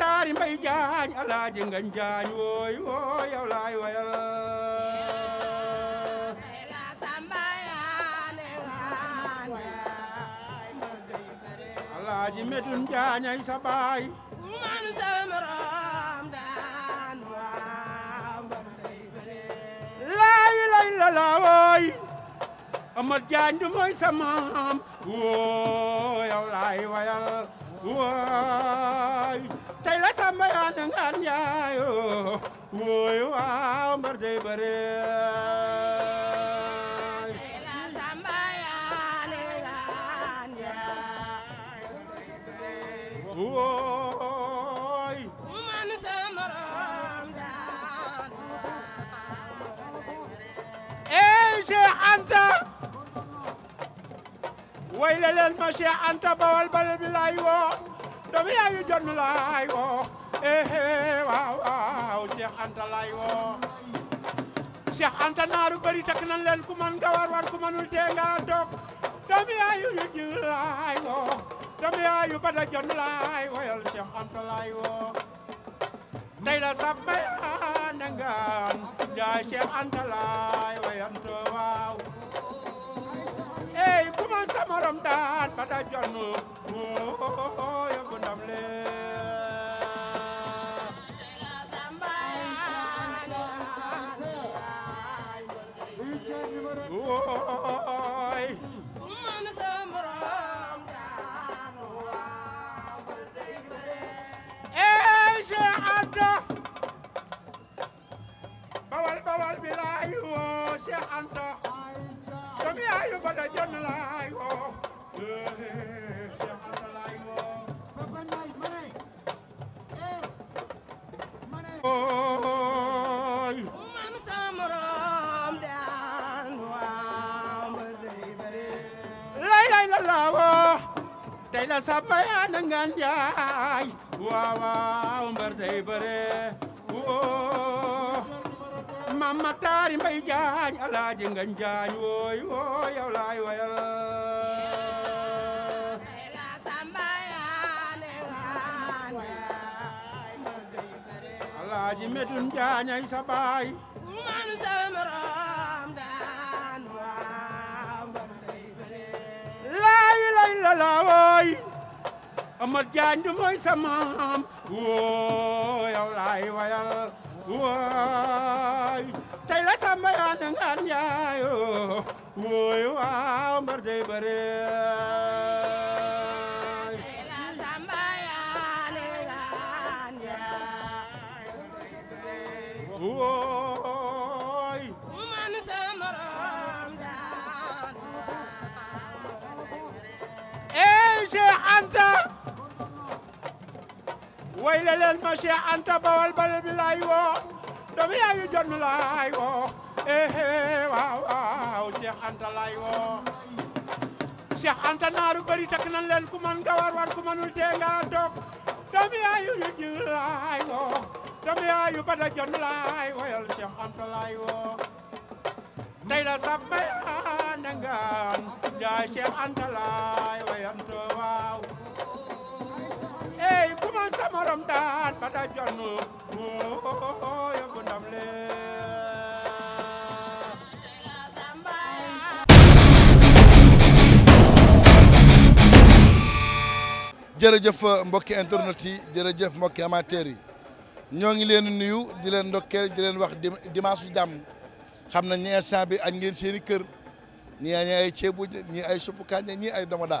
taari mbay jaañ alaaji ngañ jaañ wooy wooy yow laay wayal alaaji medun jaañ ay sa baay umaanu sa morom daan waaw mbar day bëre laay lay la la wooy amat jaañ du mooy sa maam woo yow laay wayal waay tey la samba yaa na ngaan yaayo wooy waaw mbar day bare wooy mu man sa morom daan ee Cheikh Anta wayla leen ma Cheikh Anta Bawal bale bi laay woo doomu yaayu jot mi laay woo eh, eh, eh waaw waaw Cheikh Anta laay woo Cheikh Anta naaru bari takk nan leen ku man nga war ku manul tee nga toog doomu yaayu yu ji laay woo doomu yaayu bada jot mi laay woyal Cheikh Anta laay woo tey la sab may a nangaan njaay Cheikh Anta laay woyanto waaw ey ku man sa morom daan ba da jonn moo yóbbu ngaan jaay waaw Amar du mooy sama maam woo yow wayal waay tey la yaa na ngaan yaayoo waaw mbar day jàppale leen ma Cheikh Anta Bawal bale bi laay woo doomu yaayu jot mi laay woo eh, eh waaw waaw Cheikh Anta laay woo Cheikh Anta naaru bëri takk nañ leen ku man nga war war ku manul dee nga toog doomu yaayu yu ji laay woo doomu yaayu bada jot mi laay woyal Cheikh Anta laay woo tey la sab bayaa nangaan jaay Cheikh Anta laay woyanto waaw jërëjëf mbokki internet yi jërëjëf mbokki amateur yi ñoo ngi leen nuyu di leen ndokkeel di leen wax dimanche su jàmm xam na ñi instant bi añ ngeen seen i kër ñii ay ceebu ñii ay suppu kànja ñii ay domoda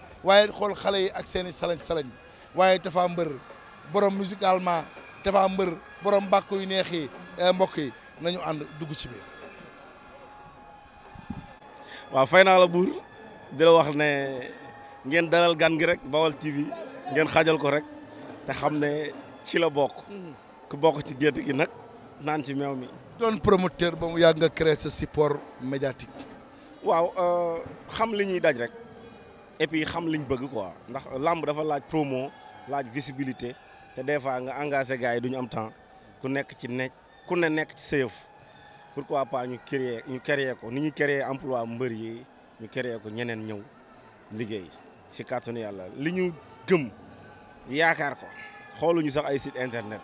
waaye xool xale yi ak seeni i salañ salañ waaye dafa mbër borom musicalement dafa mbër borom mbàkk yu neex yi eh, mbokk yi nañu ànd dugg ci biir. waaw fay naa la buur di la wax ne ngeen dalal gan gi rek Baol TV ngeen xaajal ko rek te xam ne ci la bokk. Mhm. ku bokk ci gétt gi nag naan ci meew mi. doon promoteur ba mu yàgg nga créer sa support médiatique. waaw euh, xam li ñuy daj rek. et puis xam liñ bëgg ko ndax làmb dafa laaj promo laaj visibilité te des fois nga engagé gars yi du ñu am temps ku nekk ci ne ku ne nekk ci pour pourquoi pas ñu créer ñu créer ko ni ñu créer emploi mbër yi ñu créer ko ñeneen ñëw liggéey si kàttanu yàlla li ñu gëm yaakaar ko xooluñu sax ay site internet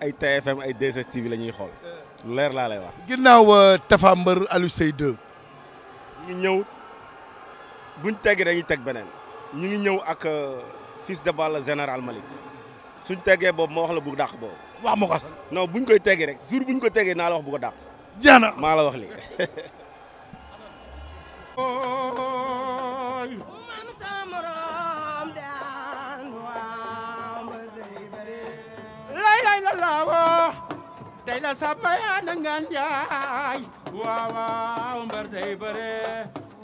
ay TFM ay 2STV la ñuy xool euh. leer laa lay wax. ginnaaw euh, Tapha Mbeur Alioune Seye 2 ñu ñëw. buñ teggee dañuy teg beneen ñu ngi ñëw ak euh, fils de balle général Malick suñ teggee boobu ma wax la bu dàq boobu. wax ma ko sax non buñ koy teggee rek jour buñ ko teggee naa la wax bu ko dàq. jeex na maa la wax lii. laawo day la sapaya na ngan jaay waaw waaw mbar day bare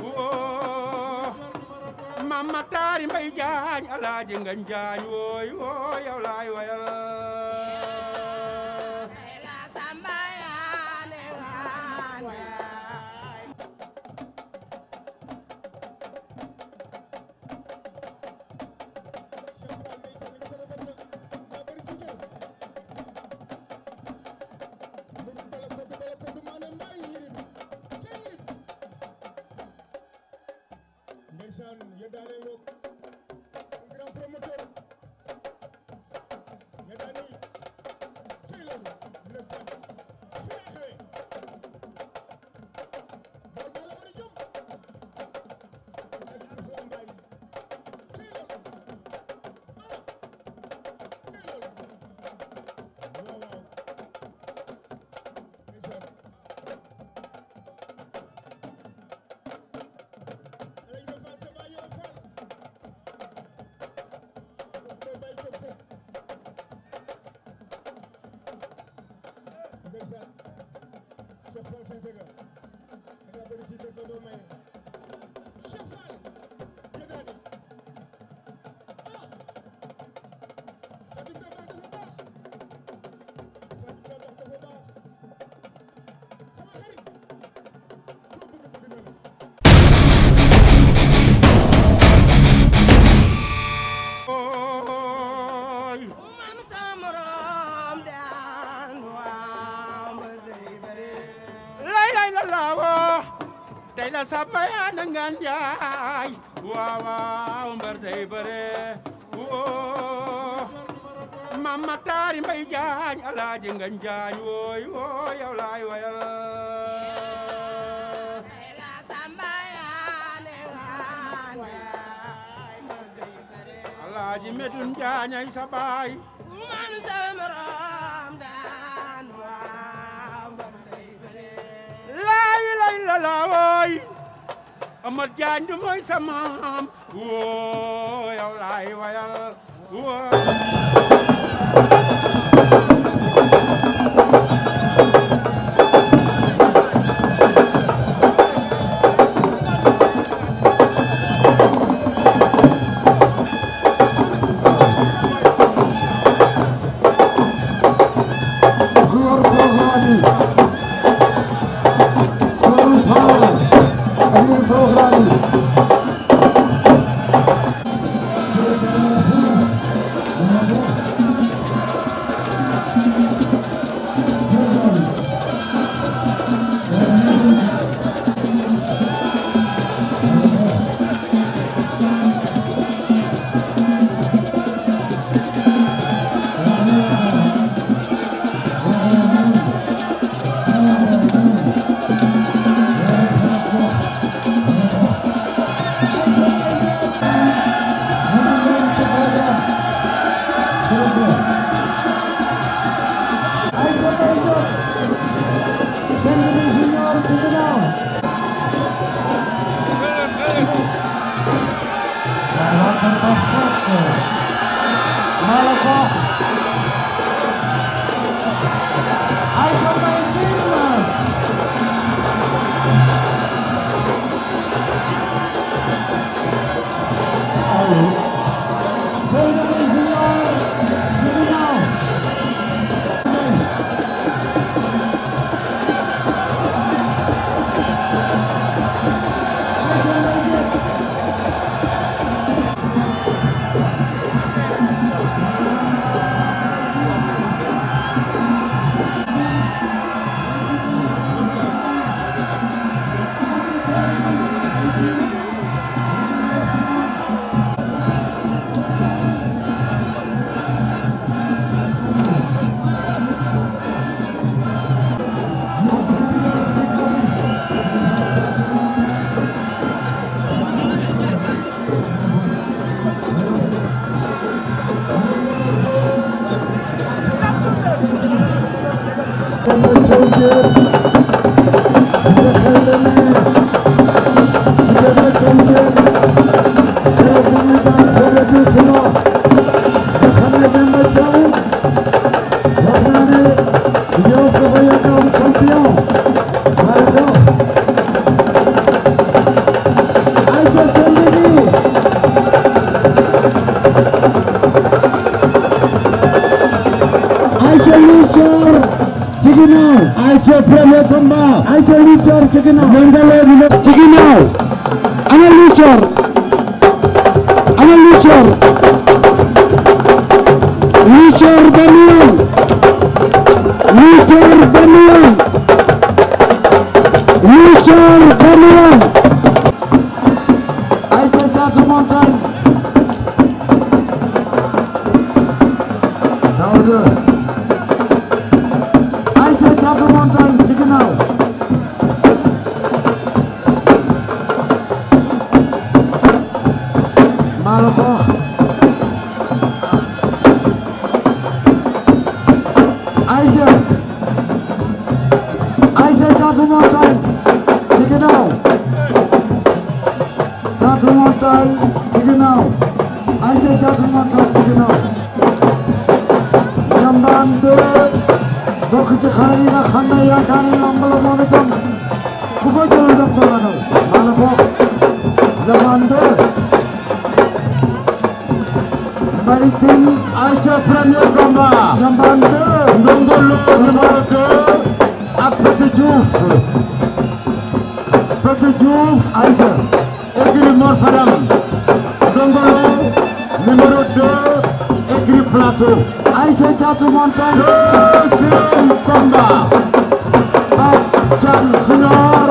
woo maam ma taari mbay jaañ alaaji ngañ jaañ wooy wooy yow laay wayal samba yaa nangaan jaay waaw waaw mbar day bare woo mama taari mbay jaañ alaaji ngan jaañ jaañ ay sabaay kumanu sama morom daan waaw mbar day bare laayi lay la Amat Jaañ du mooy sa maam woo wayal woo Mandala, Makhtar ci ginnaaw Aïcha Thiatou Makhtar ci ginnaaw jàmbaan de bokk ci xale yi nga xam ne yaakaar yi lamb la moom itam bu ko jëlul def ko ragal maa la bokk jàmbaan de Mbaye Tine Aïcha premier combat jàmbaan de Ndongo Lo numéro 2 ak Petit Diouf Petit Diouf Aïcha écurie Mor Fadam Ndongo Lo numéro 2 écurie Plateau Aïcha Caatu Montagne deuxième combat Pape Thiam Junior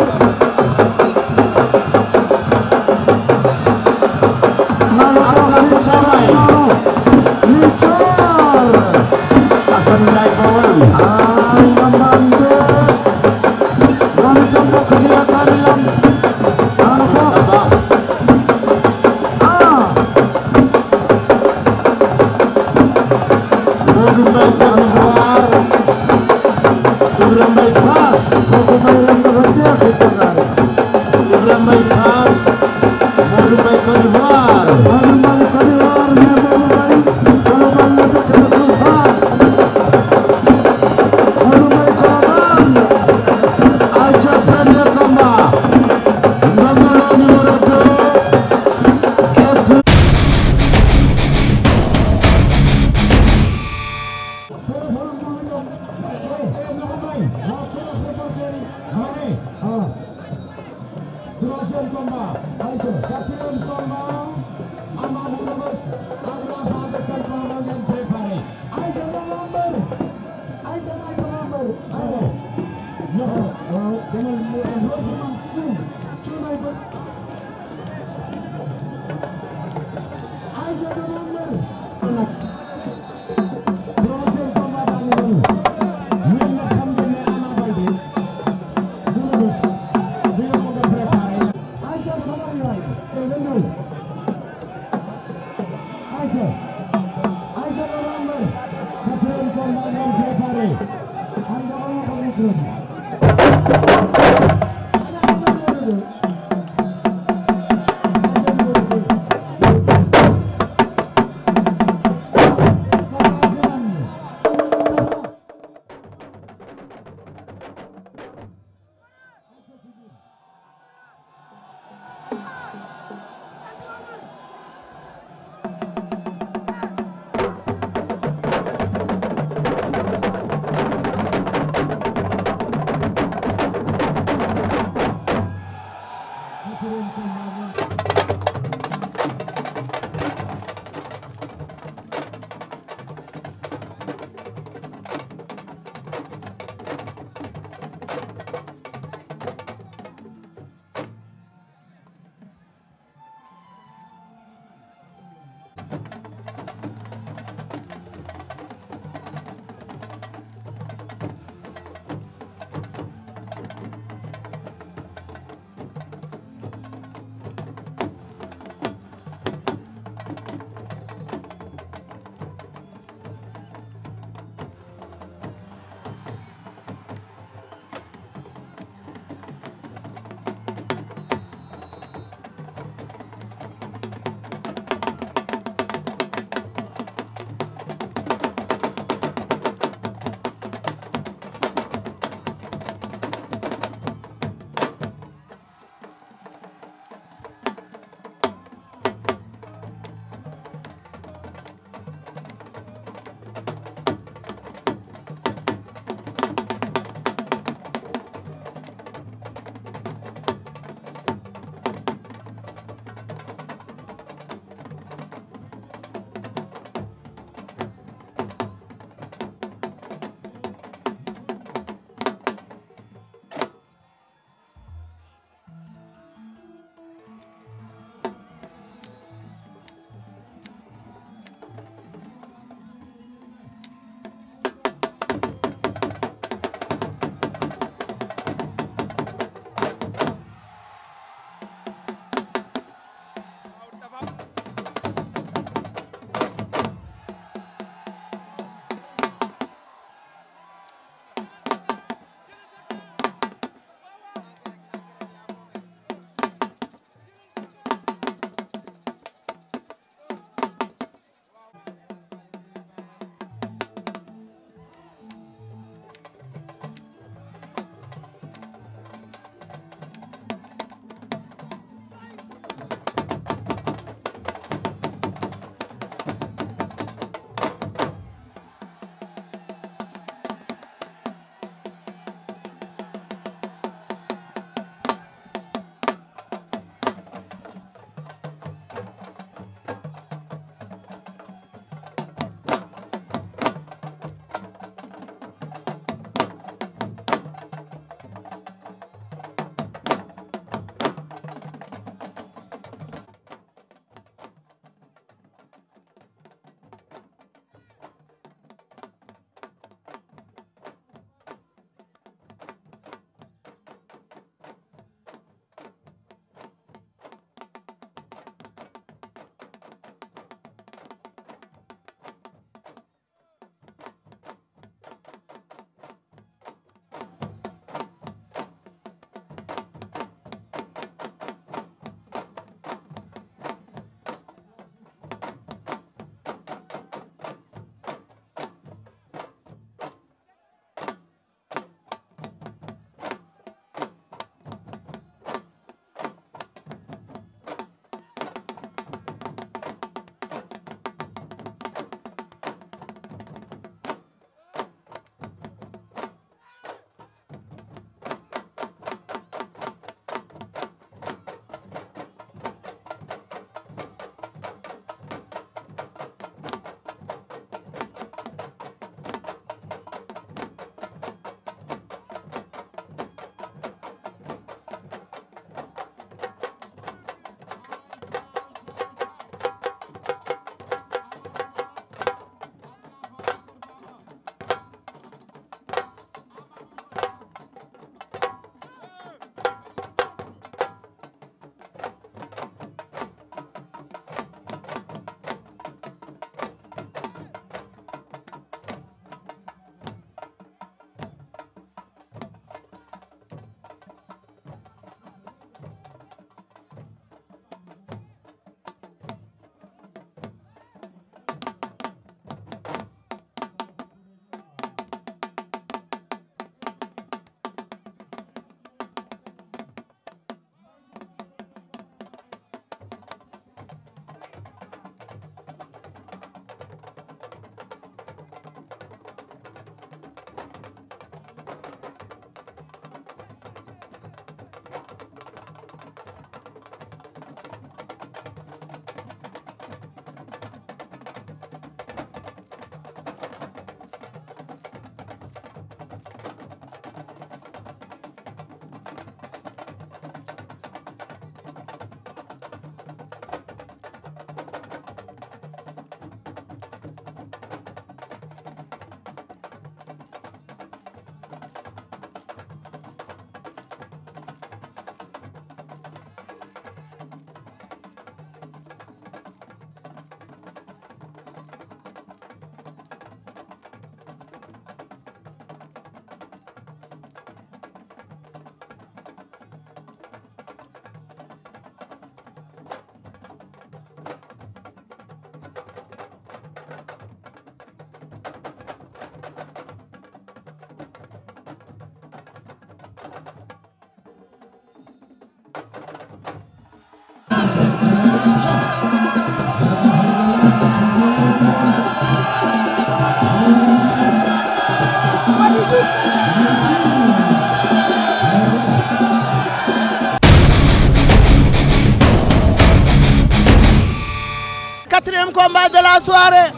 quatrième combat de la soirée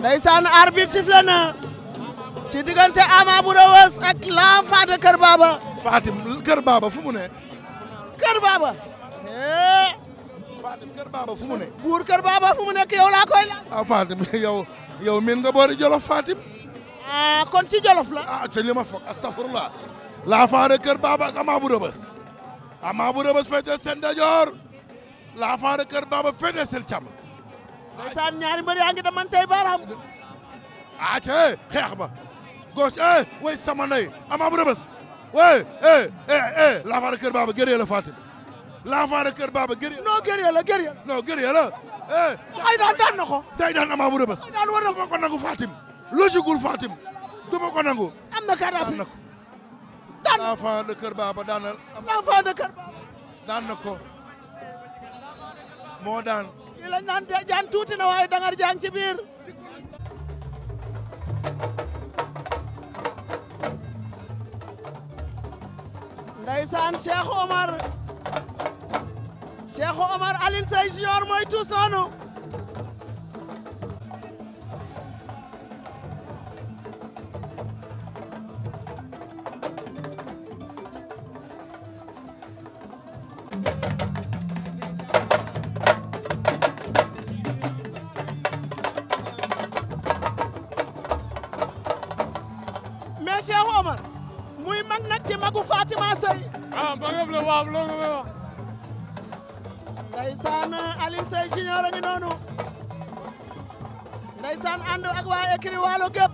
ndeysaan arbitre sifflé na ci diggante Ama bu Rewees ak l'enfant Kër Baba. Fatim mu ne. Kër Baba. Fatim Kër Baba fu eh. ne. buur Kër Baba fu mu nekk yow laa koy laaj. ah Fatim yow yow miin nga boori Jolof Fatim. ah kon ci jolof la. ah ci li ma foog astafurlah l'enfant de Kër Baba ak Ama bu Rëbës Ama bu Rëbës féete seen dajoor l'enfant de Kër Baba féete seen càmm. ndeysaan ñaari mbër yaa ngi damantey baaraam. ah ci xeex ba gauche eh way sama nay Ama bu Rëbës way eh eh eh l'enfant de Kër Baba guerrier la Fatim l'enfant de Kër Baba guerrier. non guerrier la guerrier. non guerrier la. eh ay daan daan na ko. day daan Ama bu Rëbës. ay daan war na ko nangu Fatim. logique gul Fatim du ma ko nangu. am na carte d'identité daan na Kër Baaba daan na. l'enfant de Kër Baaba. daan na ko moo daan. kii la naan jaan tuuti na waaye dangar jaan ci biir. Ndeysaan Cheikh Omar Cheikh Omar Alioune Seye Junior mooy tuus noonu. Fatima Seye. ah Mbagam la waaw loolu nga may wax. Ndeysaan Alioune Seye Junior a ngi noonu. Ndeysaan ànd ak waa écrit Waalo gépp.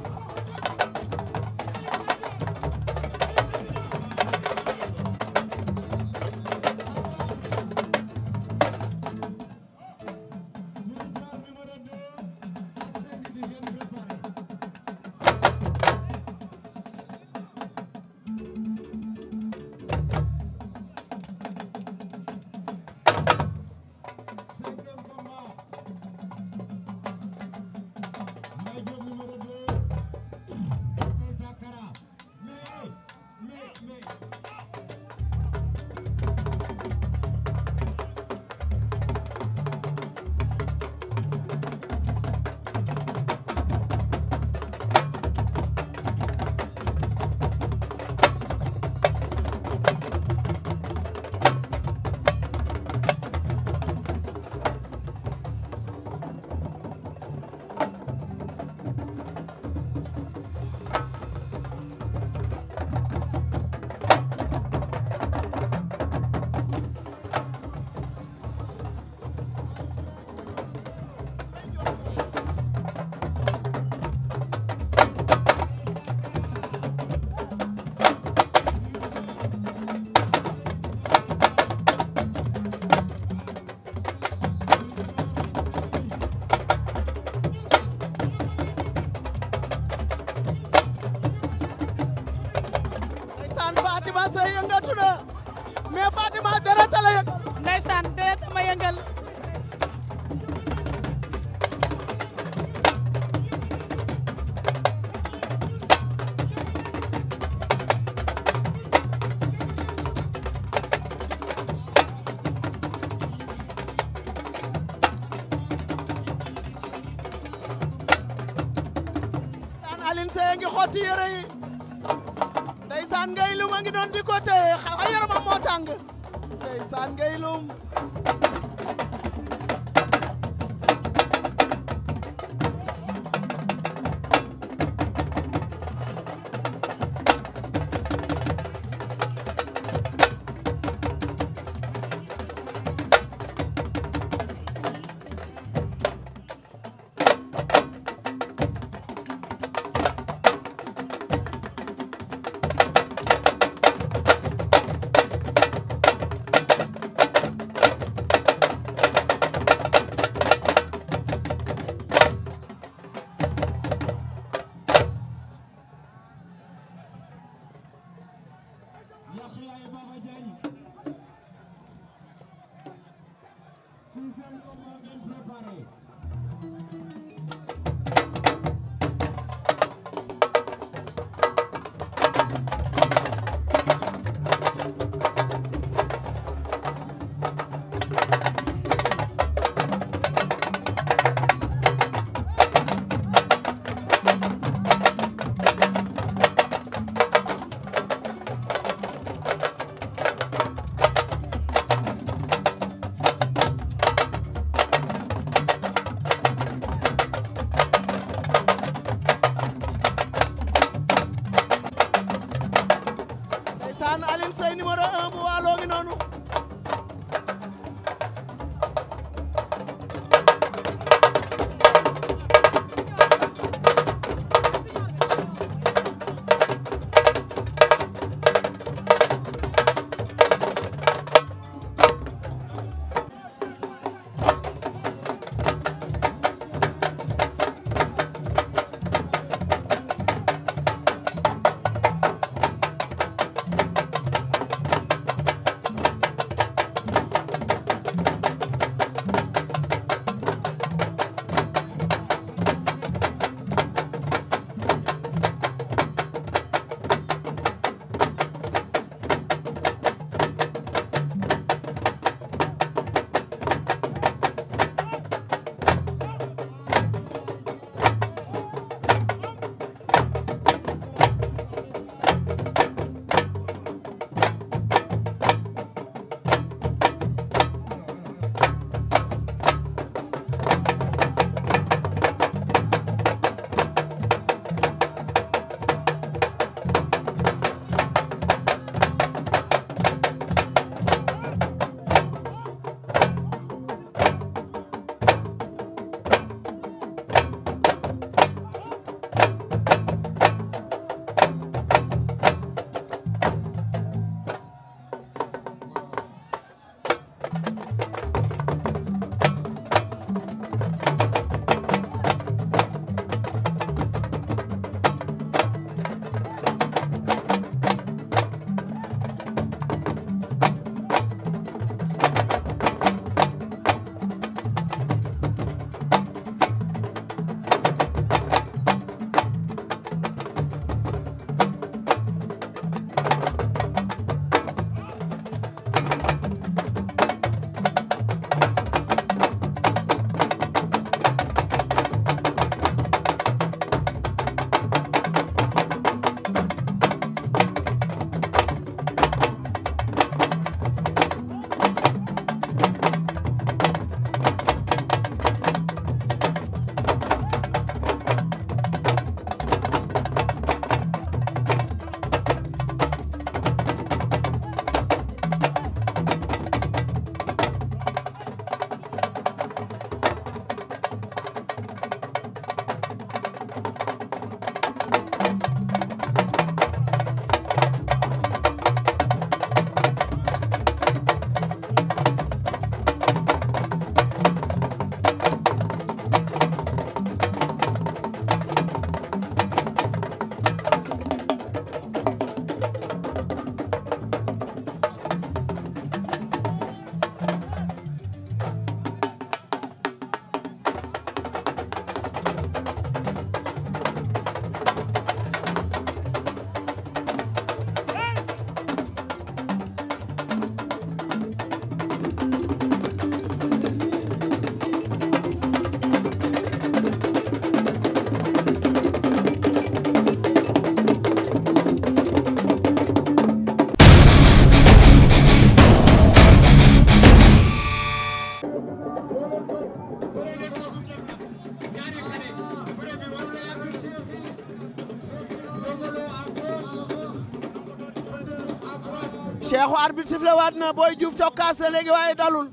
ñëwaat na Boy Diouf cokkaas na léegi waaye dalul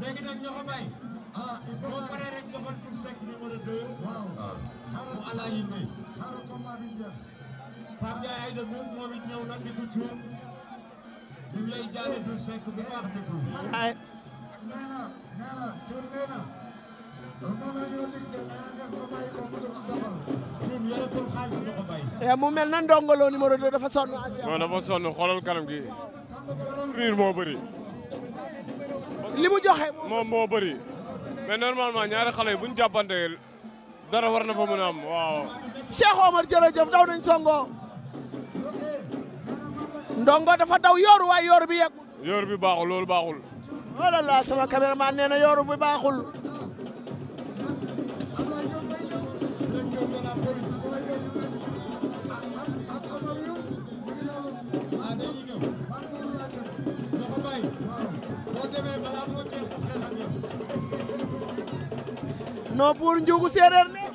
léegi nag ñoo ko bay boo paree rek joxoon tur sec numéro 2 jaale tur bi wax di ko na nee na Eh, mu mel na Ndongo Lo numéro 2 dafa sonn. moo dafa sonn xoolal kanam gi. riir moo bëri. li mu joxe moom moo bëri. mais normalement ñaari xale yi bu ñu dara war na fa mën a am waaw. Cheikh Omar jërëjëf daw nañ songo. Ndongo dafa daw yooru waaye yooru bi yeggul. yooru bi baaxul loolu baaxul. oh là là sama caméraman yooru bi baaxul. no pour njugu séeréer nee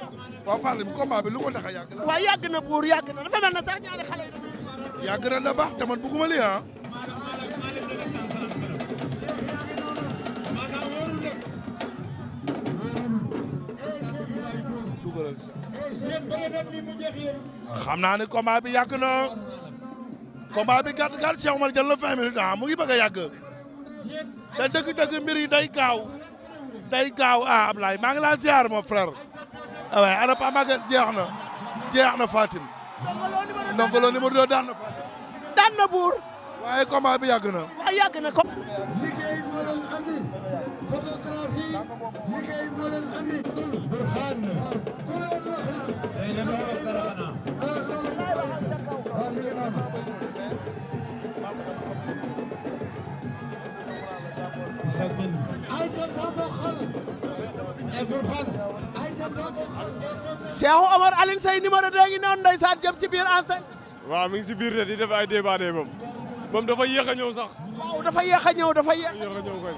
wa waaw Falim combat bi lu ko taxa yag yàgg na. waaw yàgg na pour yag na dafa melna sax ñaari xalé yi. yàgg na da bax tamit bëgguma lii li ha xamna ne combat bi yag na combat bi gàtt gàtt Cheikh Omar jël na 20 minutes ah mu ngi bëgg yag te dëgg-dëgg mbir yi day gaaw day gaaw ah Ablaye maa ngi laa ziar mon frère waaye ah jeex na jeex na Fatim ndongo loo numéro doo daan na Fatim daan na buur waaye combat bi yàgg na waaye yàgg na ko certainement. Aïcha Samb xal. Ebou Fall. Aïcha Samb xal. Cheikh Omar ngi noonu ndeysaan jëm ci biir enceinte. waaw mi ngi si biir de di def ay débat de moom. moom dafa yéex a ñëw sax. waaw dafa yéex a ñëw dafa yéex a ñëw kay.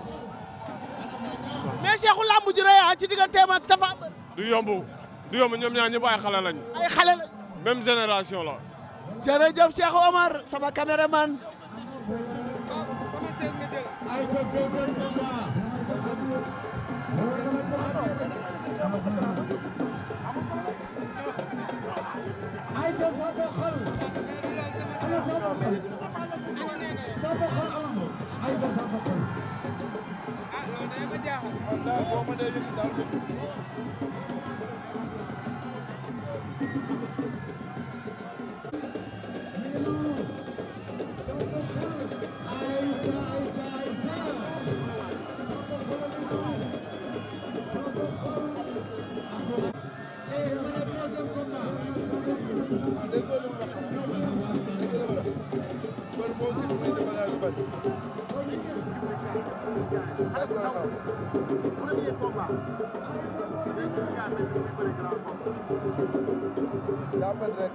mais Cheikhu làmb ji ci digganteem ak Tapha du yomb du yomb ñoom ñaar ñëpp ay xale lañ. ay xale lañ. même génération la. Omar sama caméraman. ayca deuxième combat. ayca Saato xol. ana Saato xol. Saato xol alam. ayca Saato xol. ah loolu day ma jaaxal. man daal boo ma dee yëngu daal xale bu ndaw premier combat mais gis ngaa mel ni mu ngi bëri grand combat jàppal rek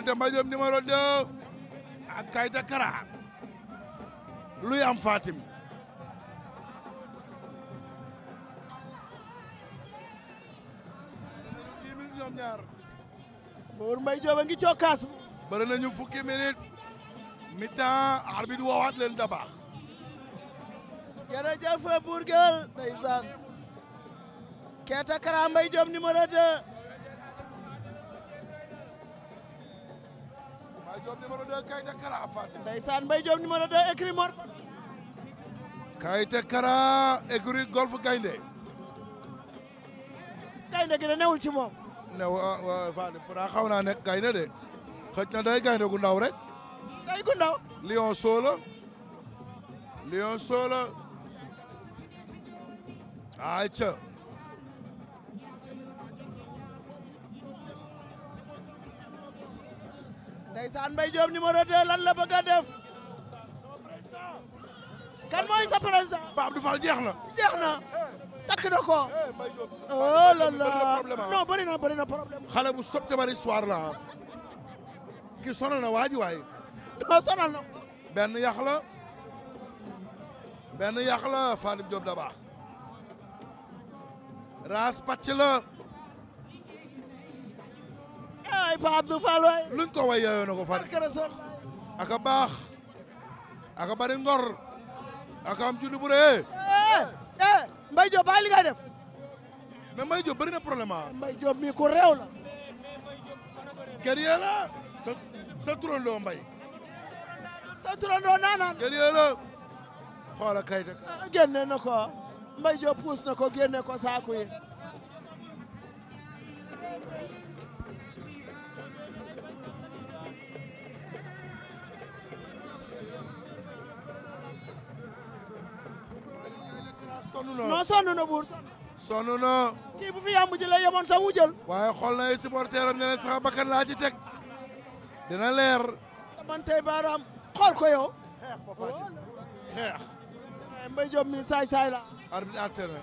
diggante Mbaye Diop numéro 2 ak Kayta Kara luy am Fatim dix minutes ngi cokkaas bëri nañu fukki minute mi-temps arbitre woowaat leen da baax jërëjëf Bour Gueweul ndeysaan Kayta Kara Mbaye Diop numéro 2 Mbaye Diop numéro 2 Kayte Kara Fatim. ndeysaan Mbaye Diop numéro golf gaynde. gaynde gi de newul ci moom. ne wa wa Fatim pourtant xaw na nekk gaynde de xëj day gaynde gu ndaw rek. day gu ndaw. Lion Soola. Lion Soola. ayca. ndeysaan Mbaye Diop numéro 2 lan la bëgg a def kan mooy sa président Pape du Fall jeex na jeex na takk na ko eh, oh là là ah. non bëri na bëri bu sob tabar histoire la ah kii sonal na waaji waay non sonal na benn yàq la benn yàq la Falim Diop raas pàcc la waay Pa Abdou Fall waay luñ ko way yeyoo na ko fan baax aka bari ngor aka am julli bu rëy Mbaye Diop bàyyi li ngay def mais Mbaye Diop bëri na problème a ah. Mbaye Diop mii ko réew la guerrier sa sa turandoo Mbaye sa turandoo naanaan guerrier xoola kayit ah, génne ko Mbaye Diop puus na ko génne ko saaku yi sonn na non sonn na buur sonn. kii bu fi yàmb ji la yemoon sax waaye xool na ay supporter am ne ne sama bakkan laa ci teg dina leer. man tey baaraam xool ko yow. xeex ba fàtte xeex. waaye saay saay la. arbitre àtte na.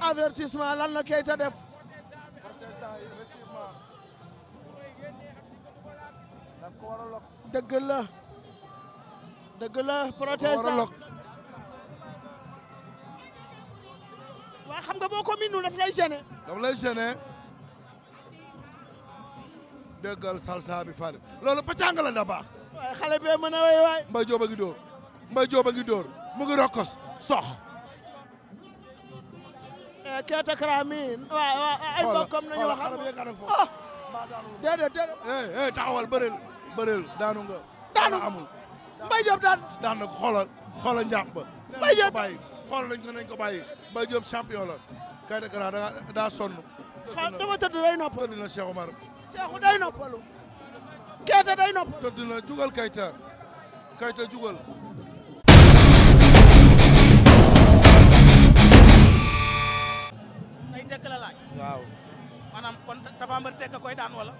avertissement lan la Keita def. dëgg protestant waaw xam nga boo ko miinul daf lay gêner. daf lay gêner déggal salsa bi loolu pàccang la da baax. waaye xale wey waay. Mbaye Diop a ngi dóor Mbaye Diop mu ngi rokkos sox. Eh, Keita Kara mi waaw waaw ay bokkam nañu wax. xale bi yegg a ah, eh, eh, taxawal bëreel bëreel daanu nga. daanu amul Mbaye Diop daan. daan na ko xoolal xoolal njàpp ba. xool nañ ko nañ ko bàyyi Mbaye Diop champion la kay de Kara daa sonn. tëdd na Cheikh Omar. Cheikh day noppalu. Keita day noppalu. tëdd na jugal Keita jugal. ay tekk la waaw. maanaam kon dafa mbër tekk koy daan wala.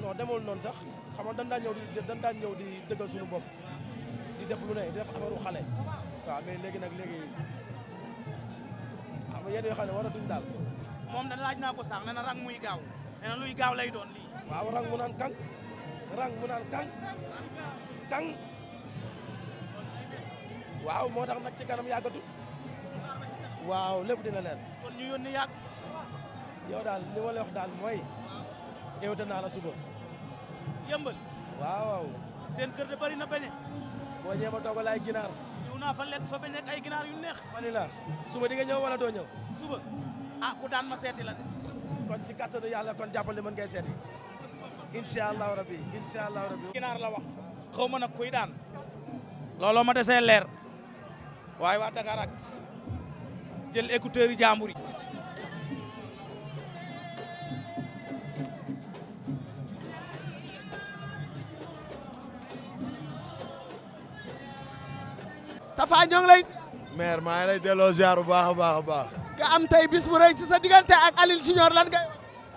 noo demul noonu sax xam nga dañ daan ñëw di dañ daan suñu bopp. di def lu ne di def affaire xale waaw mais léegi nag léegi am ah, yenn yoo xam ne waratuñ daal moom na laaj naa ko sax na rang muy gaaw nee na luy gaaw lay doon lii waaw rang mu naan kang rang mu kang kang waaw moo tax nag ci kanam yàggatu waaw lépp dina leer kon ñu yónni yàgg yow daal li ma la daal mooy éwte naa la suba yëmbal waaw seen kër bari na beñe wa ñëwee ma toogal ay ginaar. ñëw naa fa lekk fa ba ay ginaar yu neex. mani la suba di nga ñëw wala doo ñëw. suba ah ku daan ma seeti la de. kon ci kattanu yàlla kon jàppal man mën ngay seeti. incha allahu rabi incha allahu rabi. ginaar la wax xaw ma nag kuy daan. looloo ma desee leer. waaye waa Dakar jël écouteurs yi jàmbur yi. Tafa ñoo ngi lay. maire maa ngi lay delloo ziar baax a baax baax. nga am tey bis bu rëy ci sa diggante ak Alioune Junior lan ngay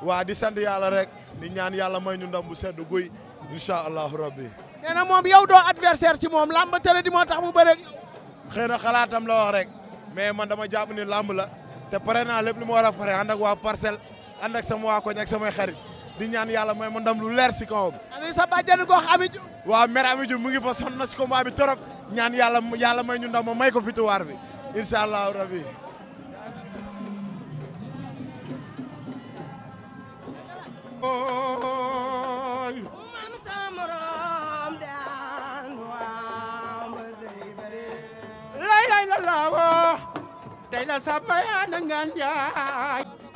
waa di sant yàlla rek di ñaan yàlla may ñu ndam bu sedd guy incha allahu rabbi. nee na moom yow doo adversaire ci moom làmb tëre di moo tax mu bëre. xëy na xalaatam la wax rek mais man dama jàpp ni làmb la te pare naa lépp lu ma war a pare ànd ak waa parcelle ànd ak sama waa koñ ak samay xarit. di ñaan yalla moy mo ndam lu leer ci ko ani sa bàjjenu gox Ami Diouf. wa mère Ami mu ngi fa sonn na si combat bi torop ñaan yalla yalla may ñu ndam ma may ko fitu war bi inshallah rabbi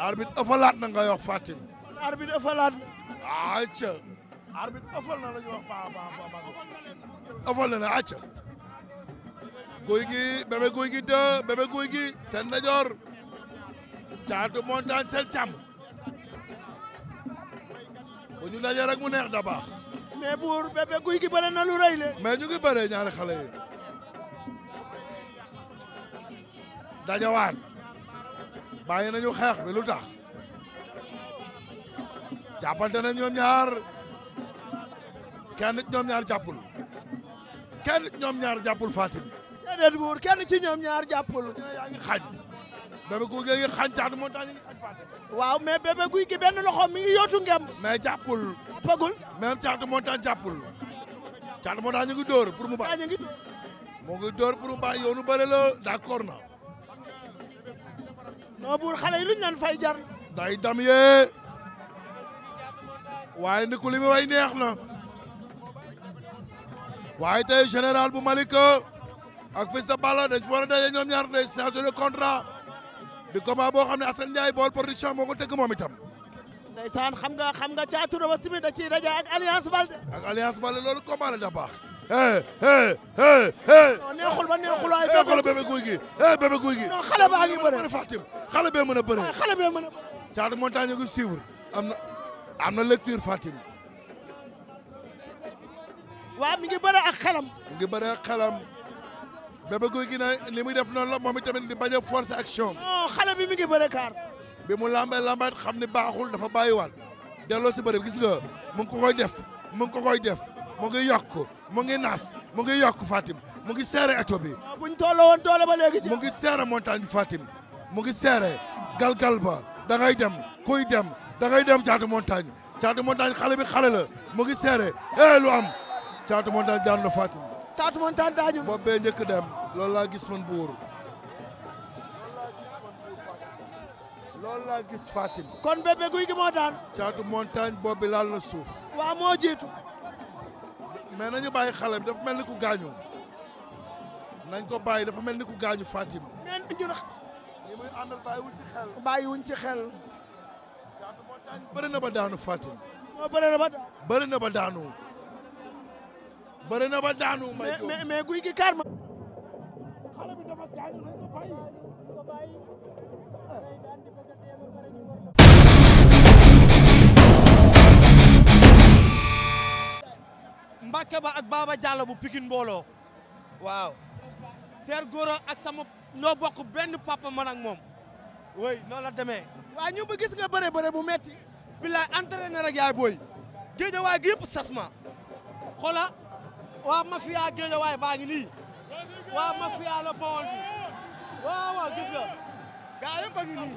Arbit ëffalaat na nga yox Fatim arbitre ëffalaat acca arbitre ëffal na la ñu guy gi bébé gi de bébé gi seen ndajoor caatu montagne seen càmm bu ñu dajee rek mu neex da baax mais buur bébé guy gi bëre na lu le mais ñu ngi bëree ñaari xale yi dajawaat bàyyi nañu xeex bi lu tax jàppante na ñoom ñaar kenn ñoom ñaar jàppul kenn ñoom ñaar jàppul Fatim. déedéet kenn ci ñoom ñaar jàppul. yaa ngi xaaj bébé guy gi ngi xaaj caatu montagne yi ngi xaaj Fatim. waaw mais bébé guy gi benn loxo mi ngi yootu ngem. mais jàppul. jàppagul même caatu montagne jàppul. caatu montagne ñu ngi dóor pour mu baax. ñu ngi dóor. mu ngi dóor pour mu baax yoonu bëre la d'accord na. non buur xale yi luñ leen fay jar. day dam yee. waaye ndiku li mu way neex na waaye tey général bu Malika ak Fils de Balla dañ fa war a daje ñoom ñaar tey signature de contrat di combat boo xam ne Assane Ndiaye Baol production moo ko tëgg tam itam. ndeysaan xam nga xam nga Thiatou Rebeuss tamit da ciy daje ak Alliance Baldé. ak loolu combat la da baax. hey hey hey hey. neexul ba neexul ay bébé. xoolal guy gi hey bébé guy gi. non xale baa ngi bëre a bëre. xale bee mën a bëre. Thiatou Montagne gu suivre am na lecture Fatim. waaw mi ngi bëre ak xelam. mi ngi bëre ak xelam. Bébé Gouy Gui ne li muy def noonu la moom itamit di bañ a force action. non xale bi mi ngi bëre kaar. bi mu lambee lambaat xam ni baaxul dafa bàyyiwaat. delloo si bëri gis nga mu ngi ko koy def mu ngi ko koy def yokk mu ngi naas mu ngi yokk Fatim mu ngi seere eto bi. waaw bu ñu ba léegi. mu ngi seere montagne bi Fatim mu ngi seere galgal ba da ngay dem kuy dem. da ngay dem caatu montagne caatu montagne xale bi xale la mu ngi seere eh, lu am caatu montagne daan na Fatim. caatu montagne daañu. boobu bee njëkk dem loolu laa gis man bu wóoru. loolu laa gis Fatim. kon bébé guy gi moo daan. caatu montagne boobu laal na suuf. waaw moo jiitu. mais nañu bàyyi xale dafa mel ni ku gaañu nañ ko bàyyi dafa mel ni ku gaañu Fatim. mais ñun. li ci xel. bàyyiwuñ ci xel. bëri na ba daanu Fatim. bëri na ba na ba daanu. ba guy gi kaar ma. xale ba ak Baba Diallo bu pikin mbooloo waaw Père Gora ak sama ñoo bokk benn papa man moom oui noonu la demee waaw ñu ba gis nga bëre bëre bu metti billaay entraîneur ak yaay gi yëpp sas ma xoola waa mafia géejawaay baa ngi waa mafia la Bawol bi waaw waaw gis nga a ngi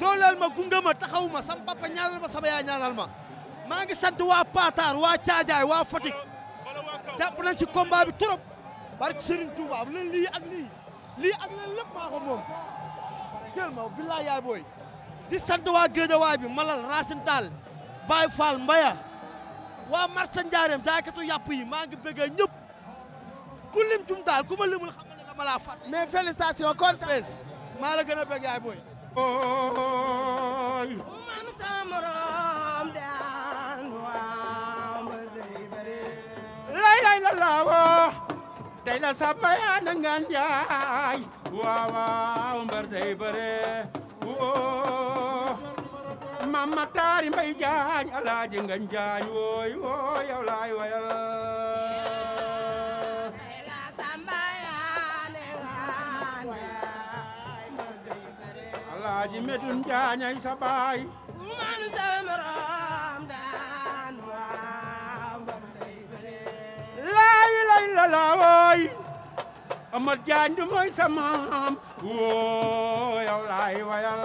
nii ma gunge ma sama papa ñaanal ma sama yaay ñaanal ma maa ngi sant waa Pataar waa Caajaay waa Fatick jàpp nañ ci combat bi trop barke Serigne Touba lii ak lii lii ak leen maa ko moom jël billaay yaay booy di sant waa Géejawaay bi Malal Racine Tall Baye Mbaya waa marché Ndiarème jaaykatu yàpp yi maa ngi bëggee ñëpp ku lim ku ma limul xam nga ne dama laa fàtt mais félicitations kontaan maa la gën a bëgg yaay booy man sama morom daan waa mbër day bëri lay lay la laawo day la sa bayaan yaay waaw waaw mbër day maam Makhtar Mbaye Diagne alaaji ngañ Diagne wooy wooy yow laay wayal alaaji Medun Diagne ay sa baay kumaanu sa morom daan waaw mbar day bëre laay lay la la wooy Amar Diagne du mooy sa maam woo yow laay wayal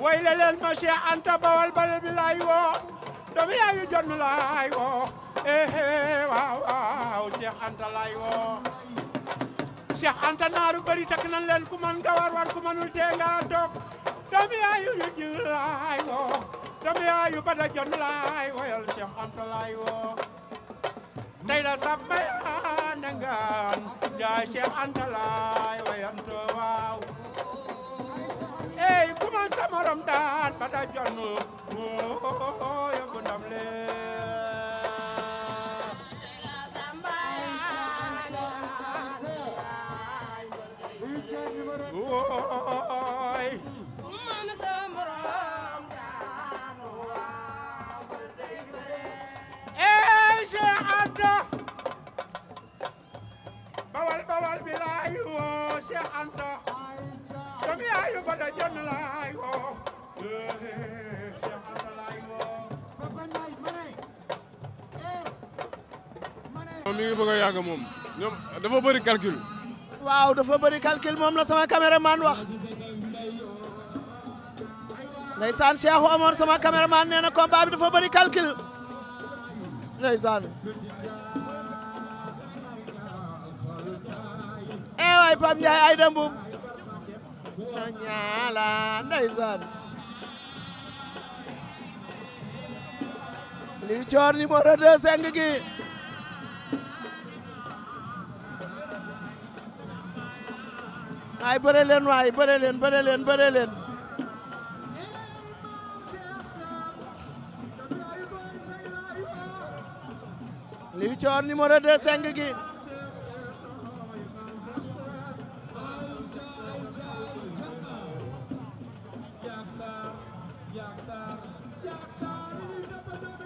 wayle leen ma Cheikh Anta Bawal bale bi laay woo doomu yaayu jot mi laay woo eh, eh waaw waaw Anta laay woo Cheikh Anta naaru bëri takk nañ leen ku man nga war war ku manul tee nga toog doomu yaayu yu ji laay woo doomu yaayu bada jot mi laay woyal Cheikh Anta laay woo tey la saf may a nangaan yaa Cheikh Anta laay woyanto waaw ey ku man sa morom daan ba da jon moo yóbbu ndam bawal bawal bi laay woo Cheikh borom yaayu ba da jonn laay woo woo ma mi ngi bëgg a yàgg moom ñoom dafa bëri calcul waaw dafa bëri calcul moom la sama caméraman wax ndeysaan Cheikh Omar sama caméraman nee na combat bi dafa bëri calcul ndeysaan eh waay Pape Ndiaye ay dembum na ñaala ndeysaan li joor numéro deux cinq gi ay bëre leen waay bëre leen bëre leen bëre leen li joor numéro deux gi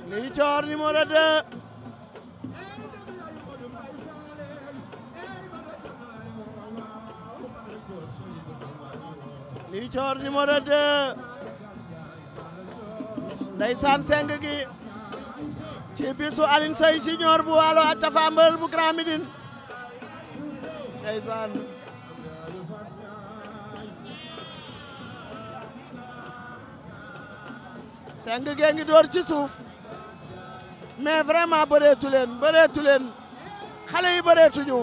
Ndey Coor numéro 2 Ndey Coor numéro 2 ndeysaan seng gi ci bisu Alioune Seye Junior bu Waalo ak bu Grand Médine ndeysaan seng gee ngi door ci suuf mais vraiment bëreetu leen bëreetu leen xale yi bëreetuñu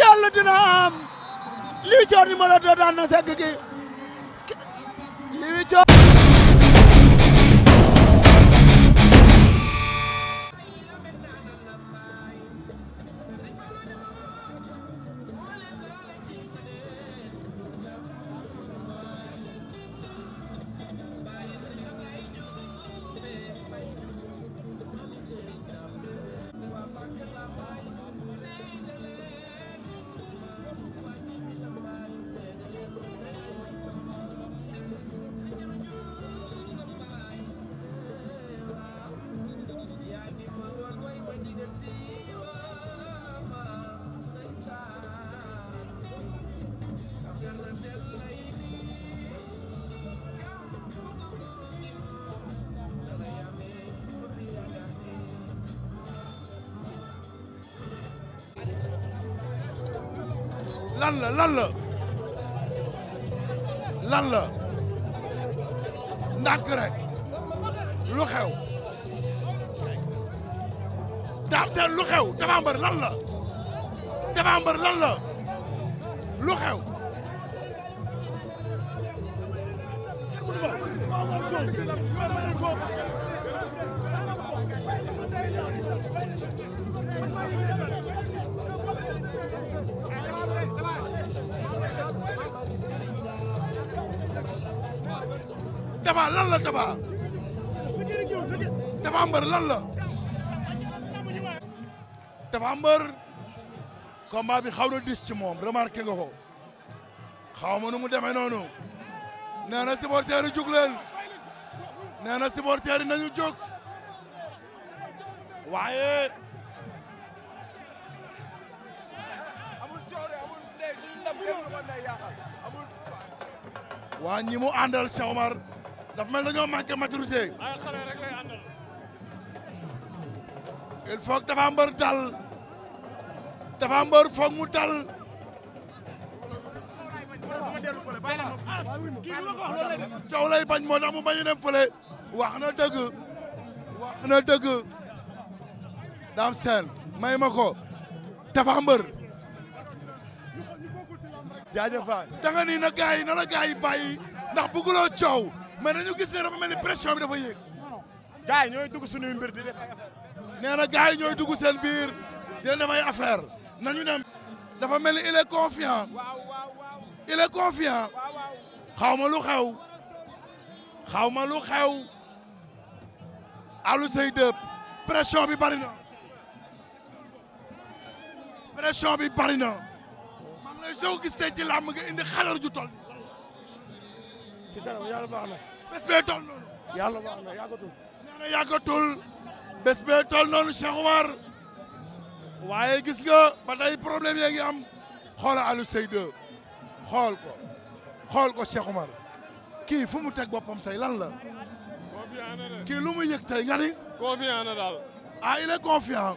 yàlla dina am li coor numéro 2 daan na segg gi li coor lan la lan la lan la ndànk lu xew daam seen lu xew Tapha Mbeur lan la Tapha lan la Tapha Tapha Mbeur lan la Tapha Mbeur bi xaw na dis ci moom remarqué nga ko xaw ma nu mu demee noonu nee na supporters yi jug leen nee na supporters yi nañu jóg waaye waa ñi mu àndal Cheikh Omar dafa mel dañoo manqué maturité. ay xale rek lay àndal. il faut que Tapha Mbeur dal mu dal. coow lay bañ moo tax mu bañ a dem fële. wax na dëgg. wax na dëgg. Dame may ma ko. Tapha Mbeur. jaajëf ni na gars yi na la gars yi bàyyi ndax bëgguloo coow. ma dañu gis ne dafa mel ni pression bi dafa yéeg. gars yi ñooy dugg suñuy mbir di def ay affaire. nee na gars yi ñooy dugg seen biir di def ay affaire nañu dem. dafa mel ni il est confiant. il xaw ma lu xew. xaw ma lu xew. Alou Seye 2 pression bi bari na. pression bi bari na. man lay soo ci làmb ci kanam yàlla bés bee toll noonu. yàlla baax na yàggatul. nee na yàggatul bés bee toll noonu Cheikh Omar waaye gis nga ba tey problème yaa ngi am xoola Aliou Seydou xool ko xool ko Cheikh Omar kii fu mu teg boppam sey lan la. kii lu mu tey nga ni. na daal. ah il est confiant.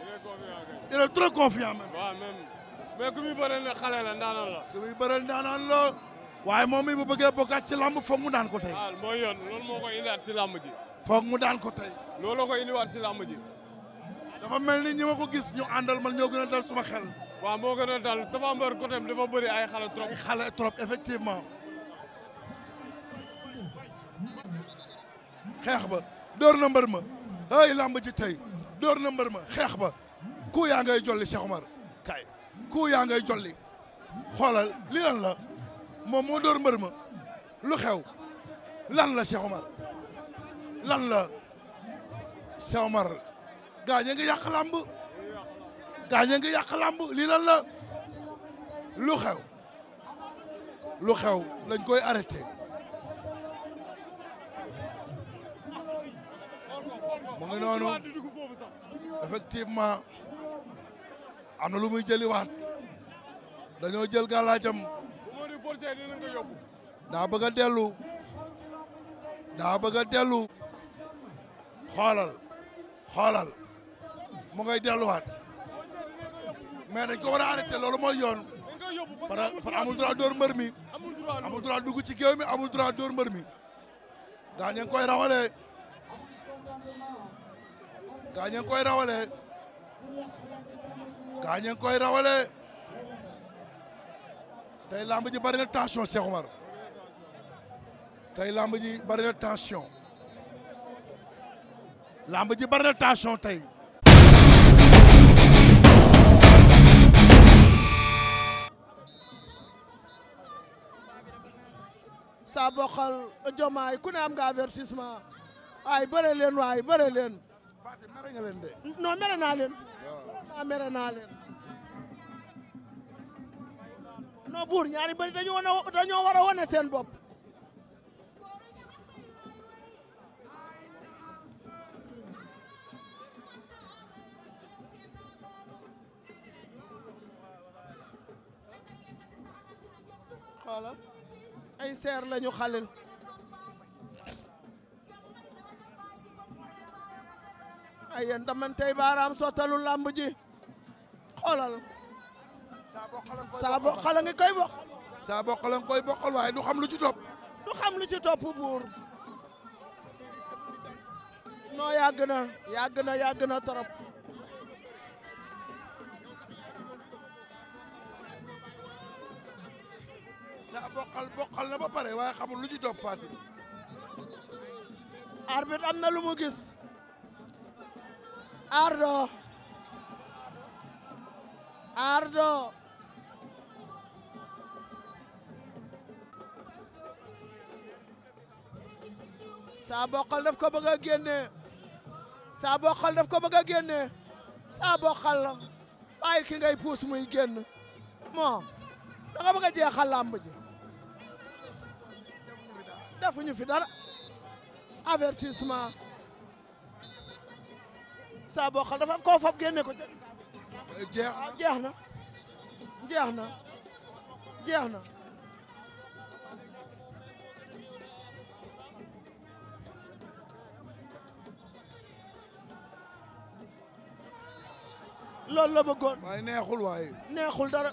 il est trop confiant même. waaw même mais ku muy bëreel la ndaanaan la. ku la. waaye moom mi bu bëggee bokkaat ci lamb foog mu daan ko tey. waaw mooy yoon loolu moo koy indiwaat si lamb ji. foog mu daan ko tey. looloo ko indiwaat si lamb ji. dafa mel ni ñi ma ko gis ñu àndal man ñoo gën a dal suma xel. waa moo gën a dal Tapha Mbeur côté dafa bëri ay xale trop. ay xale effectivement. xeex ba door na mbër ma ay lamb ji tey door na mbër ma xeex ba ku yaa ngay jolli Cheikh Omar kay ku yaa ngay jolli xoolal li lan moom moo dóor mbër ma lu xew lan la Cheikh Omar lan la sew Omar gaañ a ngi yàq làmb gaañ a ngi yàq lii lan la lu xew lu xew lañ koy arrêté mu ngi noonu effectivement am na lu muy jëliwaat dañoo jël gàllaajam forcé dinañ ko yóbbu. daa bëgg a dellu. daa bëgg a dellu. xoolal. xoolal. mu ngay delluwaat. mais dañ ko war a arrêté loolu mooy yoon. parce que amul droit dóor mbër mi. amul droit dugg ci géew mi amul dóor mbër mi. gaa ña ngi koy rawalee. gaa tey lamba ji bari na tension Cheikh tey làmb ji bari na tension tey. saa bokkal jomaay ku ne am nga avertissement ay bëre leen waay bëre leen. Fatou mere leen de. non naa leen. waaw mere naa leen. non buur ñaari mbëri dañu wane dañoo war a wane seen bopp xoolal ay seer lañu xalil ay yéen tamit tey baaraam sottalu làmb ji xoolal saa boqal a ngi koy boqal. waaye du xam lu ci topp. du xam lu ci topp buur. non yàgg na yàgg na yàgg saa boqal boqal na ba pare waaye xamul lu ci topp Fatim. am na lu mu gis. Ardo Ardo saa boqal daf ko bëgg a génne saa boqal daf ko bëgg a génne saa boqal bàyyil ki ngay puus muy génn moo da nga bëgg a jeexal làmb ji defuñu fi dara avertissement saa boqal dafa ko fab génne ko ca jeex na jeex na jeex na loolu la bëggoon. waaye neexul waaye. neexul dara.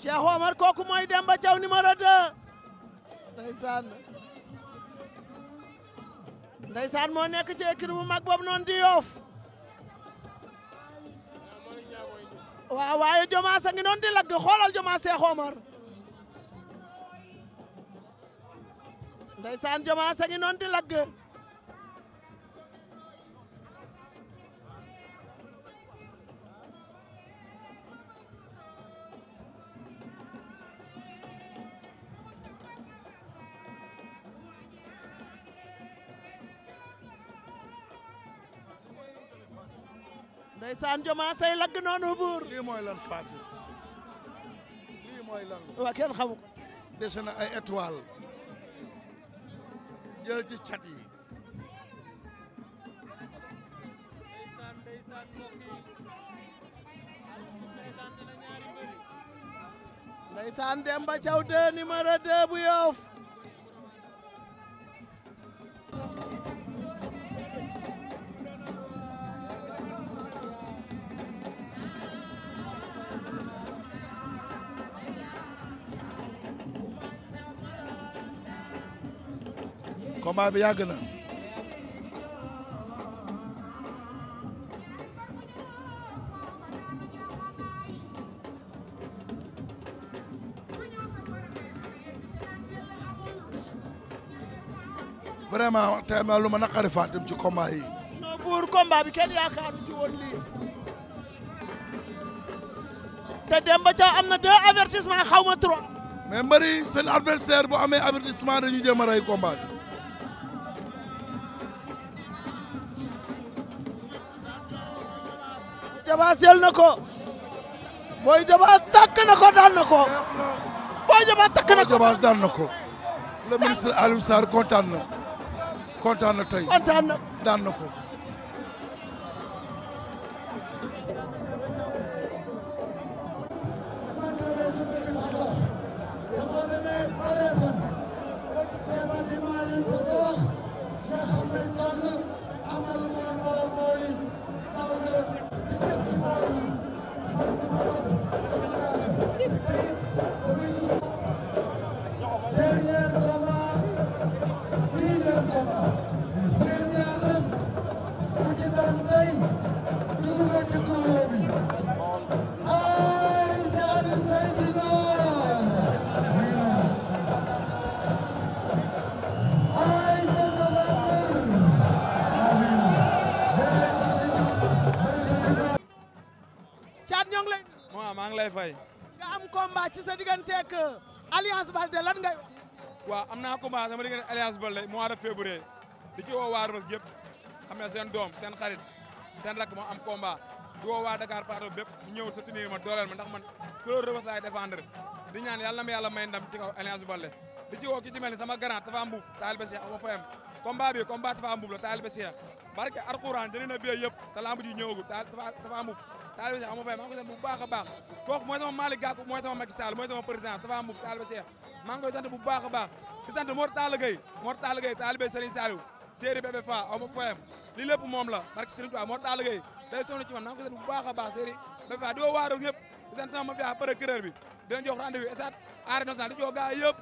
Cheikh Omar kooku mooy Demba Thiaw numéro 2 ndeysaan ndeysaan moo nekk ci écurie bu mag boobu noonu di Yoff waaw waaye Jomaas ngi noonu di lagg xoolal Jomaas Cheikh Omar ndeysaan Jomaas ngi noonu di lagg ndeysaan Diomaye Faye lagg noonu buur lii mooy yi ndeysaan bu Yoff combat bi yàgg na vraiment lu ma lu ma naqari fàttim ci combat yi. buur combat bi kenn yaakaaru ci woon te Demba am na deux avertissement xaw ma trois. mais mbëri seen adversaire bu amee avertissement dañu jéem a rey Jaba sel na ko Boy Jaba takk na ko daan na ko Boy Jaba takk na ko Boy Jaba daan na ko le ministre kontaan na kontaan na tey daan na ko Thank you. Alliance Baldé lan ngay wax. waaw am naa commencé sama diggante Alliance Baldé di ci woo waa Rebeuss yëpp xam seen doom seen xarit seen rakk moo am combat di woo waa Dakar Plateau bépp ñëw soutenir ma dooleel ma ndax man kuréel Rebeuss laay défendre di ñaan yàlla na ma yàlla may ndam ci kaw Alliance Baldé di ci woo ki ci mel ni sama grand Tafa Mboub taalibe Cheikh ama fayam combat bi combat Tafa Mboub la taalibe Cheikh barke Alxuraan jëlee na bee yëpp te lamb ji ñëwagul taaliba Cheikh Ama Faye maa ngi koy sant bu baax a baax kooku mooy sama Malick Gakou mooy sama Macky Sall mooy sama président Tafa Mboup taaliba Cheikh maa ngi koy sant bu baax a baax di sant Mor Talla Gueye Mor Talla Gueye taaliba Serigne Saliou chéri bébé Fa aw ma foyam li lépp moom la barke Serigne Touba Mor Talla Gueye day ci man maa ngi koy bu baax a baax chéri bébé Fa di woo waa Roog yëpp di sant sama mafia procureur bi di leen jox rendez-vous esat arène nationale di jox gars yëpp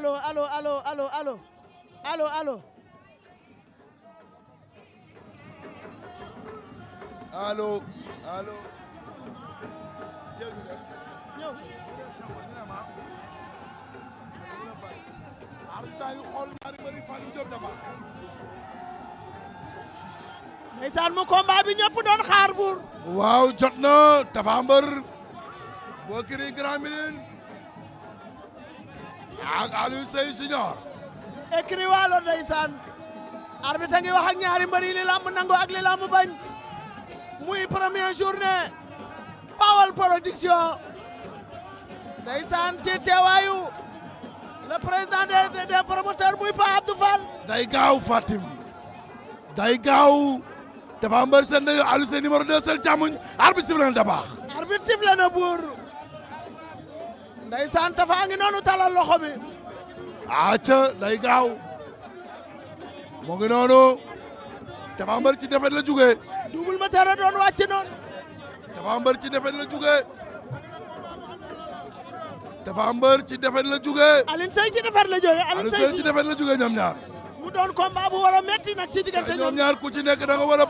allo allo allo allo allo allo allo allo allo ndeysaan mu combat bi ñëpp doon xaar buur waaw jot na Tapha Mbeur Boy Kiri Grand Médine ak Aliou Seye Junior écrit waalo ndeysaan arbitre ngi wax ak ñaari mbër yi li lamb nango ak li lamb bañ muy première journée Bawal production ndeysaan ci teewaayu le président des des promoteurs muy Pa Abdou Fall day gaaw Fatim day gaaw dafa mbër seen Aliou Seye numéro 2 seen càmmuñ arbitre sifle na da baax arbitre sifle na buur ndeysaan Tapha ngi noonu talal loxo bi acca day gaaw mu ngi noonu Tapha Mbeur ci defet la jugee Double Moteur doon wàcc noonu Tapha Mbeur ci defet la jugee Tapha ci defet la jugee Alioune Seye ci defet la jógee Alioune Seye la jugee ñoom ñaar mu doon combat bu war a metti nag ci ñoom ñaar ku ci nekk da nga war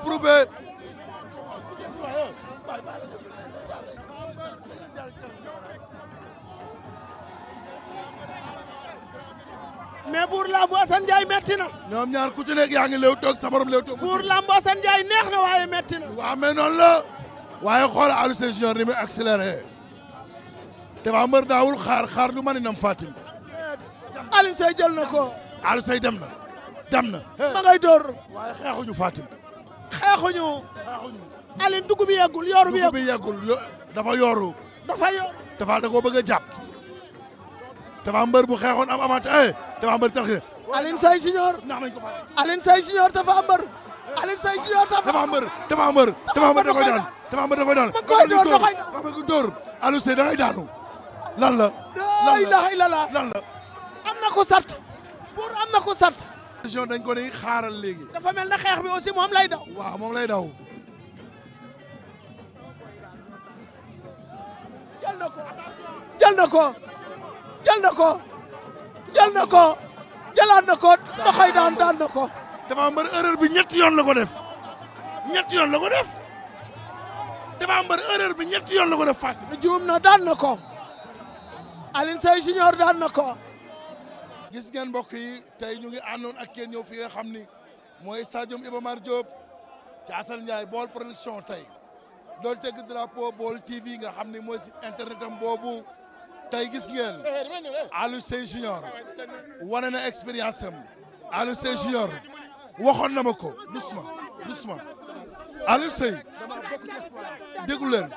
mais buur lambu Assane Ndiaye metti na. ñoom ñaar ku ci nekk yaa ngi léew toog sa borom buur lambu Assane Ndiaye neex na waaye metti na. waaw mais noonu la waaye xool Alioune Sèye Junior ni mu accéléré Tapha Mbeur daawul xaar xaar lu mën a nam Fatim. Alioune Sèye jël na ko. Alioune Sèye dem na dem na. ma ngay door. waaye xeexuñu Fatim. xeexuñu. xeexuñu Alioune dugub bi yeggul yooru bi yeggul dugub dafa yooru. dafa yooru. dafa da koo bëgg a jàpp. Tapha Mbeur bu xeexoon am avantage eh, Tapha Mbeur tarxi Alioune Seye Junior ndax nañ ko fa Alioune Seye Junior Tapha Mbeur Alioune Seye Junior Tapha Mbeur Tapha Mbeur Tapha Mbeur da koy daan Tapha Mbeur da koy daan koy dóor da koy daan ma ko dóor Alioune Seye da ngay daanu lan la la ilaha illallah lan la am na ko sat pour am na ko sat décision dañ ko ni xaaral léegi dafa mel na xeex bi aussi moom lay daw waaw moom lay daw jël na ko jël na ko jël na ko jël na ko jëlaat na ko doxay daan daan na ko. dafa mbër erreur bi ñetti yoon la ko def ñetti yoon la ko def dafa mbër erreur bi ñetti yoon la ko def Fatick. juum na daan na ko Alioune Seye Junior daan na ko. gis ngeen mbokk yi tey ñu ngi àndoon ak kenn ñëw fi nga xam ni mooy stade Iba Mar Diop ci Assane bool production tey doon teg drapeau bool TV nga xam ni mooy si internet am boobu. tey gis ngeen Aliou Seye Junior wane na expérience am Aliou Seye Junior waxoon na ma ko doucement doucement Aliou Seye déglu leen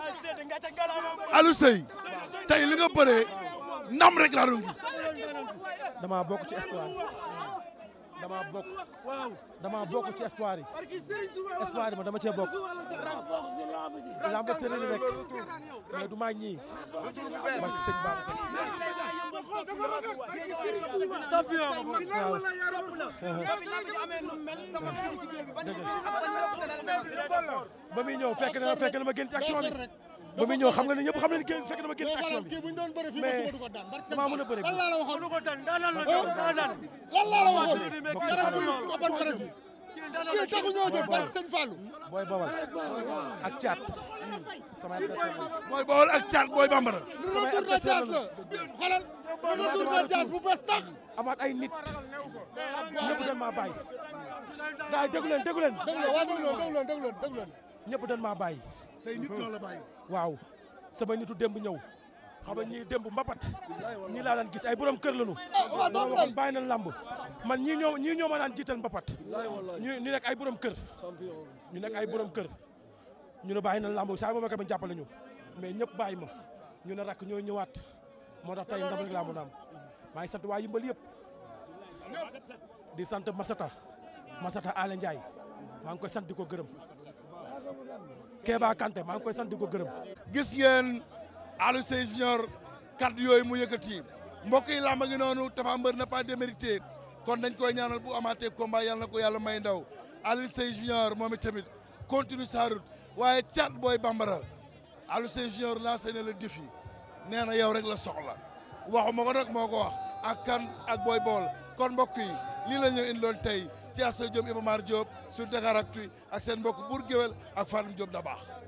Aliou Seye tey li nga bëree ndam rek laa doon dama bokk ci espoir. damaa bokk. waaw damaa bokk ci espoir yi. espoir yi ma dama cee bokk. lamb tëre li rek mais du maa ñii. barke sëñ Ba. waaw. ba muy ñëw fekk na fekk na ma gën ci action bi. ba muy ñëw xam nga ne ñëpp xam nañu kii fekk na ma génn ci action bi mais maa mën a bëri. lan laa la waxoon lan laa la waxoon. kii taxu ñoo jóg barke sëñ Fallou. booy bawal ak caat. sama booy bawal ak caat booy bambara. sama tour de jaas la xoolal tour de jaas bu bees tax. amaat ay nit ñëpp dañ maa bàyyi. daa déglu leen déglu leen. déglu leen waaw déglu leen déglu leen déglu leen. ñëpp dañ maa bàyyi. say nit ñoo la bàyyi. waaw sama nitu démb ñëw xam nga ñii démb mbapat ñii laa daan gis ay borom kër lañu. waaw kon bàyyi na làmb man ñii ñoo ñii ñoo ma daan jiital mbapat. ñu ñu nekk ay borom kër. ñu nekk ay borom kër. ñu ne bàyyi na lamb saa yi moom itamit jàppale ñu mais ñëpp bàyyi ma ñu ne rakk ñoo ñëwaat moo tax tey ndam rek laa mën a maa ngi sant waa Yimbal yëpp di sant Masata Masata Alé Ndiaye maa ngi ko sant di ko gërëm. Kéba Kanté maa ngi koy sant ko gërëm. gis ngeen Aliou Seye Junior kaddu yooyu mu yëkkati mbokk yi làmb ngi noonu Tapha Mbeur n'a pas démérité kon dañ koy ñaanal bu amaatee combat yàlla na ko yàlla may ndaw Aliou Seye Junior moom tamit continue sa route waaye cat booy bambara Aliou Seye Junior lancé la le défi nee na yow rek la soxla waxuma ko nag moo ko wax ak kan ak booy bool kon mbokk yi lii la ñu tey. ci Asta Diop Iba Mar Diop sur Dakaractu ak seen mbokk Bour Gueweul ak Fadam Diop da baax